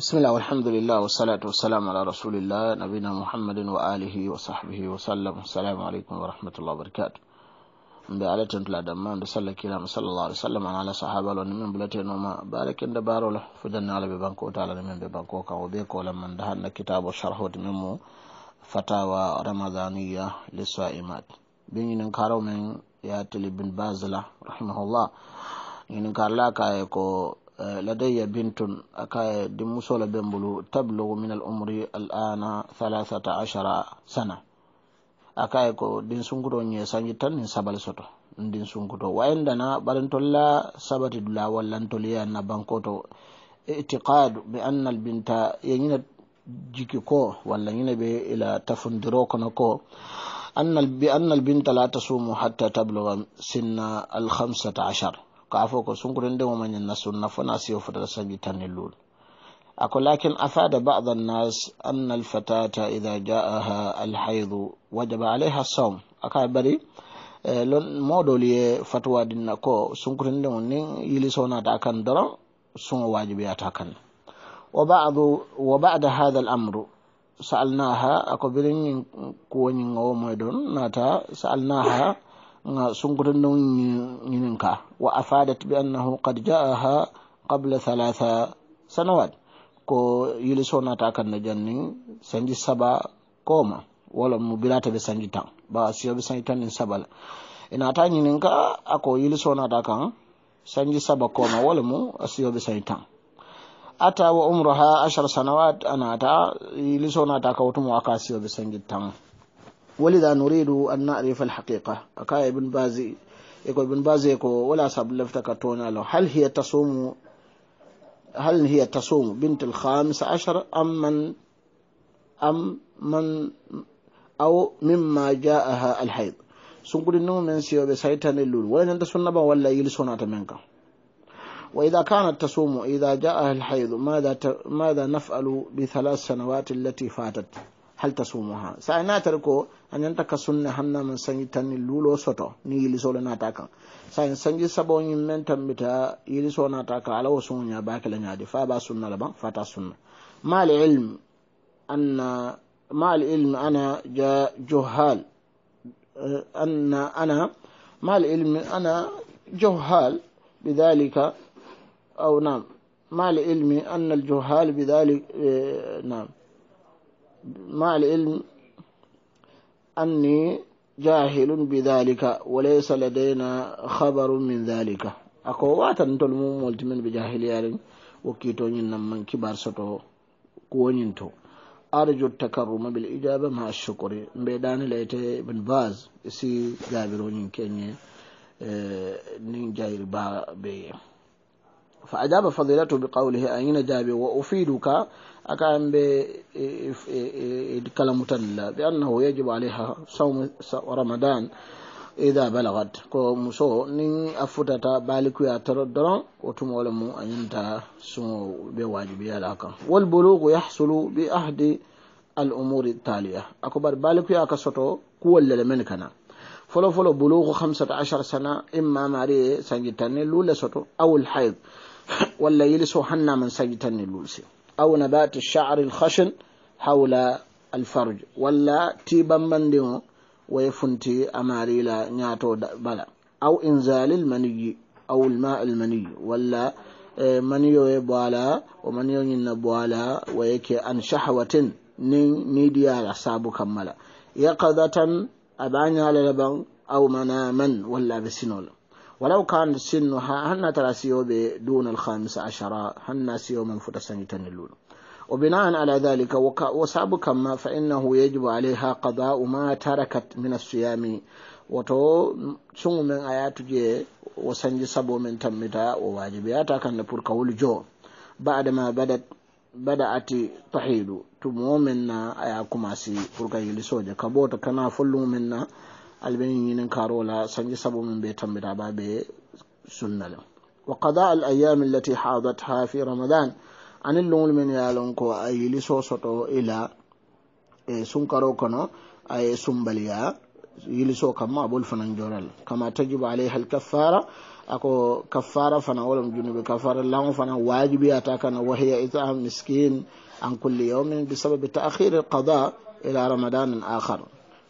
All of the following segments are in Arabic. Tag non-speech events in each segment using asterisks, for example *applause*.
بسم الله والحمد لله والصلاة والسلام على رسول الله نبينا محمد وآله وصحبه وسلم السلام عليكم ورحمة الله وبركاته mbe ala tentula damma nde salla kirama sallallah alih w sallam ana ala sahaba lo nimin bulatenoma barake nde barola fujanne ala ɓe banko taala nimin ɓe banko kan o ɓe kola man nde hanna kitabo sarhoti min mo fatawa liswa imad bingi ninkaro men ya tili bin bazila rahimahullah ñinen karla kaye ko لدي بنت أكاي دمسولة بمبلو تبلغ من العمر الآن ثلاثة عشر سنة أكاي كو دين سنكتو نيه سانجتان نين سبال سوتو ndin sunkuto wayndana ɓarantolla sabatidula wallantoliya na bankoto itiqad be annal binta yeñina jiki ko walla ñina ɓe ila tafundiro kono ko annal bi annal binta la tasumu hatta tabluga sinna alhamsata achar kafo ko sunkurin da momen na sunna fona siyo ta sabi tanilul ako lakin afada nasu an-nas anna al-fatata idha ja'aha al-hayd wajaba 'alayha as-sawm aka bari eh, lon modol ye fatwa na ko sunkurin de ni yili sona ta kan doron sun wajibi ta kan wa da wa ba'da hadha al-amru sa'alnaha ako birin ko nyin ngawo moy don nata sa'alnaha sunkutanɗon ñinin ka wa afadat bi annahu qad jaaha qabla halatha sanawat ko yili sonata kanna jannin sanji saba koma wala mu birata ɓe sanji tan ba siyo ɓe sanji tan nin sabala inata ñinin ka ako yili sonata kan sanji saba koma wala mu asiyo ɓe sanji tan ata wa umruha ashar sanawat anata yili sonata ka wotumo aka siyo ɓe sanji tan ولذا نريد أن نعرف الحقيقة أكا ابن بازي يقول ابن بازي يقول ولا سب لفتك له هل هي تصوم هل هي تصوم بنت الخامس عشر أم من أم من أو مما جاءها الحيض سنقول إنه من سيو بسيطان اللول وين أنت سنبا ولا يلسونا تمنك وإذا كانت تصوم إذا جاءها الحيض ماذا ماذا نفعل بثلاث سنوات التي فاتت hal tasumoha sa na tar ko anyanta ka sunna hanna man sanji tanni lulo soto ni yili solo nata kan sa en sanji sabo nyin men tambita yili so nata ka ala wasu nya ba kala nya di fa ba sunna la ban fata sunna mal ilm anna mal ilm ana ja juhal anna ana mal ilm ana juhal بذلك أو نعم مع العلم أن الجهال بذلك نعم مع العلم أني جاهل بذلك وليس لدينا خبر من ذلك أكو واتن تلمو ملتمن بجاهلية وكيتو من كبار ستو كونينتو أرجو التكرم بالإجابة مع الشكر بيدان ليت بن باز سي جابرونين كيني نين جاير با بيه فأجاب فضيلته بقوله أين جابي وأفيدك أكان بكلام تلا بأنه يجب عليها صوم رمضان إذا بلغت كو مسو نين أفتتا بالكو يتردر وتمولم أن ينتهى سمو بواجبية لك والبلوغ يحصل بأحد الأمور التالية أكبر بالكو يكسطو كوال لمن كان فلو فلو بلوغ خمسة عشر سنة إما ماري سنجتاني لولا سطو أو الحيض ولا يلسو حنا من سجتن اللولسي أو نبات الشعر الخشن حول الفرج ولا تيبا من ديو ويفنتي أماري نياتو بلا أو إنزال المني أو الماء المني ولا آه، منيو يبوالا ومنيو ينبوالا ويكي أن شحوة نين نيديا سابو كملا يقظة أبانيا لبن أو مناما ولا بسنولا ولو كان سن هن ترى سيو دون الخامسة عشرة هن سيو من فرسان يتنلون وبناء على ذلك وصاب كما فإنه يجب عليها قضاء ما تركت من الصيام wato sun min a ya tuje wasan ji sabo min tammita wa wajibi ya takan da furka wuli jo ba da ma bada ati tahidu tumo min na a ya kuma si furka soja ka bota kana fullu na alɓen yinin karola sanji sabo min ɓe tambitaɓa ɓe sunnala wa qada al ayami allati hadatha fi ramadan anin lugol men yalon ko a yili sosoto ila e sunkaro kono aye sumbaliya yili so kamma aɓol fanan joral kama tajibu alayha al kaffara ako kaffara fana wolom junuɓe kaffara lamo fana wajibiyata kana wahiya itam miskin an kulli yawmin bisababi ta'khir al qada ila ramadan akhar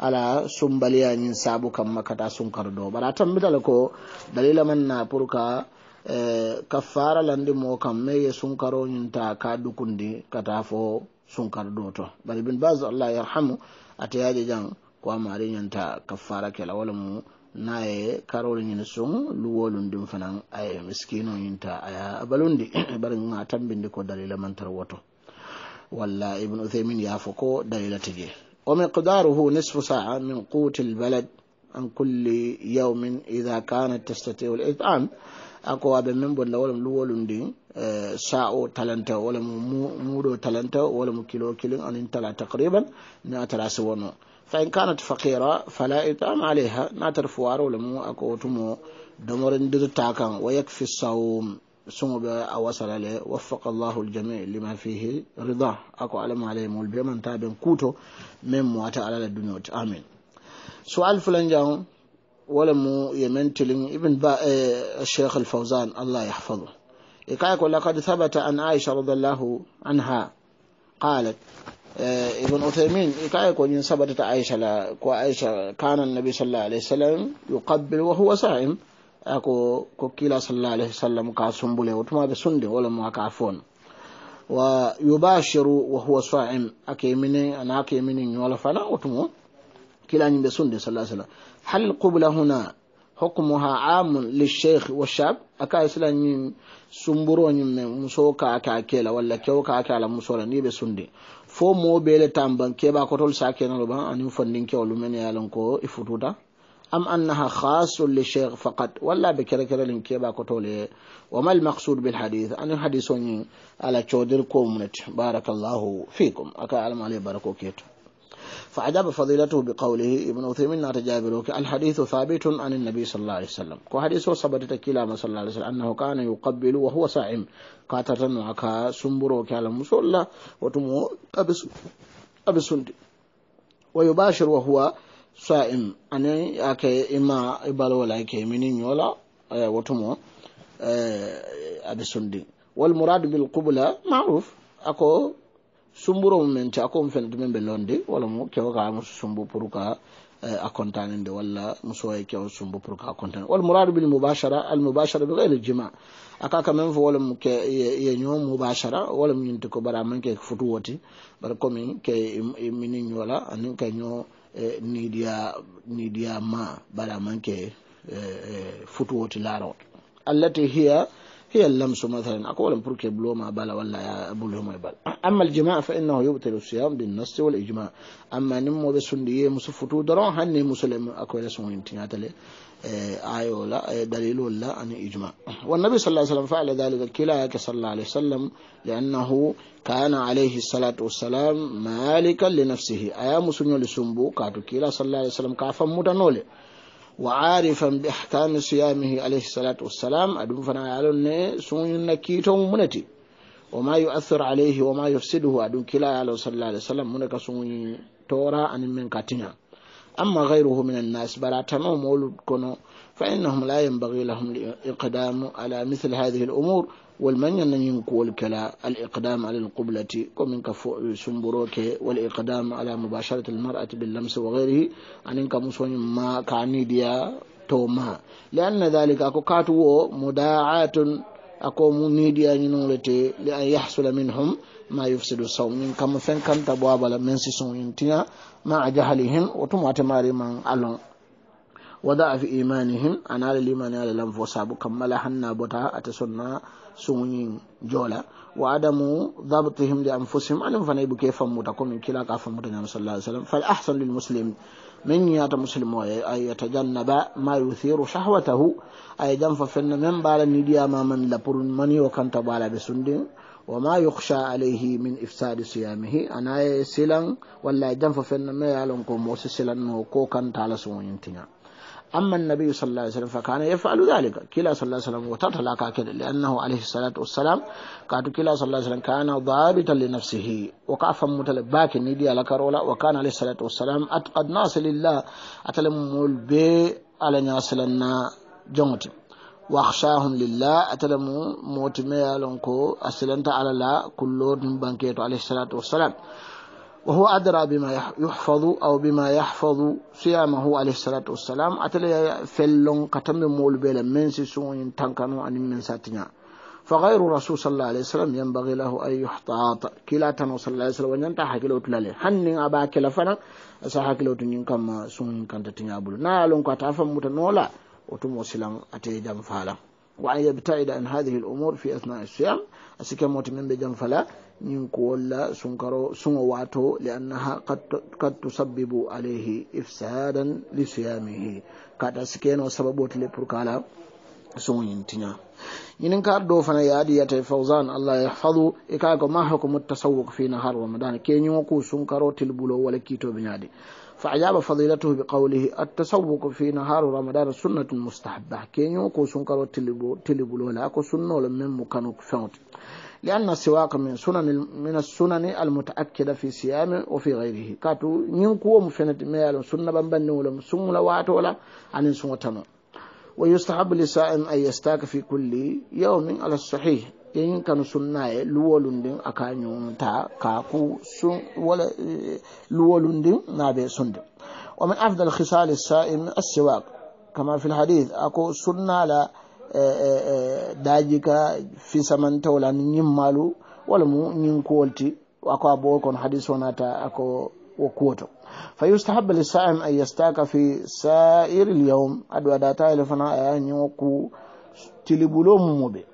ala sun ñin yin sabukan makata sun do na tambitala ko dalila man na furka eh, kafara kaffara landi mo kam me ye sunkaro yin ta ka dukundi kata fo sun do to bari bin bazu allah yarhamu yaje jan ko yin ta kaffara kela wala mu ye karo yin sun luwolun din fanan aye miskino ta aya balundi *clears throat* bari ga tambindi ko dalila man tarwato walla ibnu uthaymin ya ko dalila tije ومقداره نصف ساعة من قوت البلد عن كل يوم إذا كانت تستطيع الإطعام أكو أبي من بلد ولم لولم دين ساعة تلنتا ولم آه، مودو تلنتا ولم كيلو كيلو أن انتلا تقريبا ناتلا سوانو فإن كانت فقيرة فلا إطعام عليها ناتر فوار ولم أكو تمو دمرن دزتاكا ويكفي الصوم سمو أو أسأل عليه وفق الله الجميع لما فيه رضا أكو علم عليهم والبيمن تابن كوتو من مواتا على الدنيا آمين سؤال فلان جاون يمن يمنتلين ابن با إيه، الشيخ الفوزان الله يحفظه إكايك لقد ثبت أن عائشة رضي الله عنها قالت إيه، ابن أثيمين إكايك وإن ثبتت عائشة كان النبي صلى الله عليه وسلم يقبل وهو صائم ako ko kila sallallahu alaihi wasallam ka sumbule wotuma ɓe sunde wala mo aka fon wa yubashiru wa huwa sa'im ake mini ana ake mini wala fana wotumo kila ni ɓe sunde sallallahu alaihi wasallam hal qubla huna hukmuha amun lisheikh wa shab aka isla ni sumburo ni muso ka ka kela wala kew ka ka la muso ni ɓe sunde fo mo bele tamban keba kotol sakena lo ba ani fondin kewlu men yalan ko ifututa أم أنها خاص للشيخ فقط ولا بكرة كرة لنكيبا كتولي وما المقصود بالحديث أن الحديث على تشودر كومنت بارك الله فيكم أكا علم عليه باركو كيت فأجاب فضيلته بقوله ابن عثيمين نتجابلوك الحديث ثابت عن النبي صلى الله عليه وسلم حديثه صبت تكيلام صلى الله عليه وسلم أنه كان يقبل وهو صائم قاتتن وكا سنبروك على الله وتمو أبس أبسندي ويباشر وهو sa'im ane ake ima ibalwol ake mini ñoola e, eh, wotumo eh, e, aɓe sundi wal mouradou bil kubla maruf ako sumburomumen ti ako mu fenatumen ɓe londi walla mo kewo kaamo sumbu pour ka Eh, akontanin da walla muso sowa kyau sumbo pour ka akontan wal mouradu bil mubashara al mubashara bi ghairi jima aka ka même fo mu ke ye mubashara mobachara wolam ñinti ko bara man ke futu woti ko min ke ni wala an ka nyo eh, nidiya nidiya ma bara man ke eh, futu woti laarot allati hiya هي اللمس مثلا أقول برك بلو ما بلا ولا يبلو ما بلا أما الجماع فإنه يبطل الصيام بالنص والإجماع أما نمو بسندية مصفتو درون هني مسلم اقول اسمه انتنات لي آه، آية ولا آه، دليل ولا أن إجماع والنبي صلى الله عليه وسلم فعل ذلك كلا صلى الله عليه وسلم لأنه كان عليه الصلاة والسلام مالكا لنفسه أيام سنو لسنبو كاتو كلا صلى الله عليه وسلم كافا مدنولي وعارفا باحكام صيامه عليه الصلاه والسلام ادم فانا يالون ني كيتو منتي وما يؤثر عليه وما يفسده ادم كلا يالو صلى الله عليه وسلم منك سوني تورا ان من كاتنا اما غيره من الناس بلا تنو مولود كنو فانهم لا ينبغي لهم الاقدام على مثل هذه الامور والمن ينكول كلا الإقدام على القبلة ومن كفو سنبروك والإقدام على مباشرة المرأة باللمس وغيره أنك مسوين ما كعني ديا توما لأن ذلك أكو كاتو مداعات أكو منيديا ينولتي لأن يحصل منهم ما يفسد الصوم إن كم فين كان تبوابا من سيسون ينتيا مع جهلهم وتمعت ماري من ألون وضعف إيمانهم أن على الإيمان على الأنف وصابوا كمال حنا بوتا أتسنى سونين جولا وعدم ضبطهم لأنفسهم أنهم فنيبو كيف متكم كلا كاف متنام صلى الله عليه وسلم فالأحسن للمسلم من يات مسلم أن يتجنب ما يثير شهوته أي جنف فن من بالا نديا ما من لبر من وكان تبالا بسندين وما يخشى عليه من إفساد صيامه أنا سلان ولا جنف فن ما يعلم كم وسسلان وكوكان تعالى سوين تنام أما النبي صلى الله عليه وسلم فكان يفعل ذلك كلا صلى الله عليه وسلم وتطلق كذا لأنه عليه الصلاة والسلام قال كلا صلى الله عليه وسلم كان ضابطا لنفسه وقافا متلباك ندي على كرولا وكان عليه الصلاة والسلام أتقد ناس لله أتلم البي على ناس لنا جمت واخشاهم لله أتلم موت لنكو أسلنت على لا كلهم بانكيتو عليه الصلاة والسلام وهو أدرى بما يحفظ أو بما يحفظ صيامه عليه الصلاة والسلام أتلي فلون كتم مول بلا من سيسون تنكنو أن من ساتنا فغير رسول صلى الله عليه وسلم ينبغي له أن يحتاط كلا تنو صلى الله عليه وسلم وننتا حكيلو تلالي حنن أبا كلا فنا أسا حكيلو تنين كما سون كانت تنيابل نالون كتافا متنولا وتمو سلام أتي جنفالا وأن يبتعد عن هذه الأمور في أثناء الصيام أسكموت من بجن فلا ينكو ولا سنكرو سنواتو لأنها قد قد تسبب عليه إفسادا لصيامه كاتا سكينو سببوت لبركالا سوين تنيا yinin ka do fana ya adiya ta fauzan Allah ya hafadu ika ga ma hukumu tasawwuk fi nahar ramadan ke yin ku sun karo tilbulo wala kito binyade فأجاب فضيلته بقوله التسوق في نهار رمضان سنة مستحبة كين يوكو سنكرو تلبلو لاكو سنو لمن مكانو كفوت لأن السواق من سنن من السنن المتأكدة في صيام وفي غيره كاتو نيوكو مفنت ميال سنة بمبن ولا سنة ولا وات ولا عن سنة ويستحب للصائم أن يستاك في كل يوم على الصحيح in kanu sunna ye luwolun din a ka ku sun wala e, luwolun n'a bɛ sun wa min afdal khisal sa'im as-siwak kama fil hadith ako sunna la e, e, daji ka fisamantaw la ni ñimmalu wala mu ñin kuwolti ako a bo kon hadis wonata ako wo kuwoto فيستحب للصائم أن يستاك في سائر اليوم أدوى داتا لفنا أيان يوكو تلبلوم مبين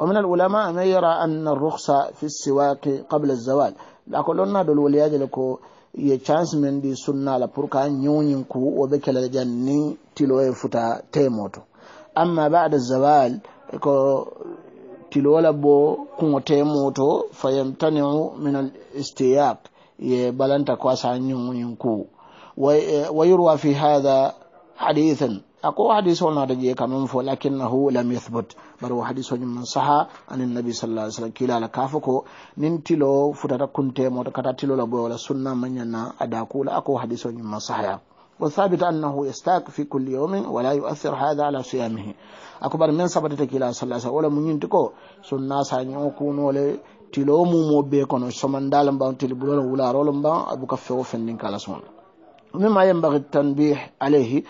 ومن العلماء من يرى أن الرخصة في السواك قبل الزواج لأقولنا دول ولياد لكو ye chance men di sunna la pour ka nyonyin ku wo be kala janni tilo e futa temoto amma ba'da zawal ko tilo la bo kungo temoto fayamtaniu min al istiyaq ye balanta ko sa nyonyin ku ويروى في هذا hadithan ako hadis wolnata ƴee quand même fo lakinnahu lam yathbut bara o hadis oñum man anin nabi sallah sallam kilala kafa ko nin tilo futata kuntemoto kata tilola boy wala sunna mañanna ada kula ako hadis oñum man sahaya والثابت أنه يستاك في كل يوم ولا يؤثر هذا على صيامه أكبر من سبتة كلا صلى الله عليه وسلم ولا من ينتكو سنة سانيو كونو تلومو موبيكونو سمن دالم بان تلبلون ولا رولم بان أبو كفو فنن كالا سونه مما ينبغي التنبيه عليه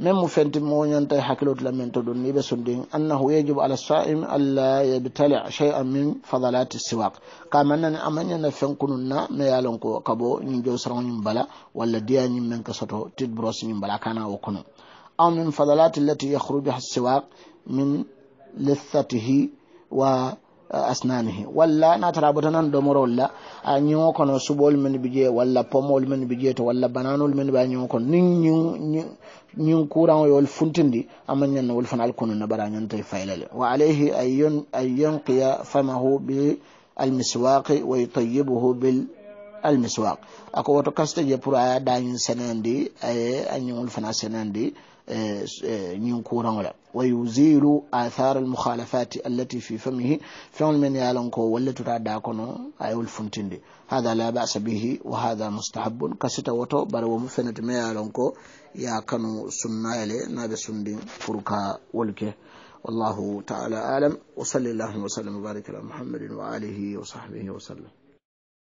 من مفنت مونين تاي حكلوت لمن تدون نيبه سندين انه يجب على الصائم الا يبتلع شيئا من فضلات السواق كما ان امن نفن كننا ما يالنكو كبو نجو سرون بلا ولا دياني من كسوتو تيد بروس كانا وكنو او من فضلات التي يخرجها السواق من لثته و أسنانه ولا نترابطنا ندمر ولا أنيو كنا سبول من بيجي ولا بومول من بيجي تو ولا بانانول من بانيو كنا نين نين نين كورا ويول فنتندي أما نين نول فنال كنا نبرا نين تي فايلل وعليه أيون أيون قيا فمه بالمسواق ويطيبه بال almiswak ako woto kasto je pour a dañin senandi aye a ñiŋol fana senandi ñiŋ kuraŋo la wa yuzilu athar almukhalafati allati fi famihi feŋol men ye lon ko walle tuta da kono ayewol funtindi hada la basa bihi wa hada mustahabun kasita woto bara womu fenete me ye lon ko ya kanu sunnayele naɓe sundin pour ka wol ke والله تعالى أعلم وصلى الله وسلم وبارك على محمد وآله وصحبه وسلم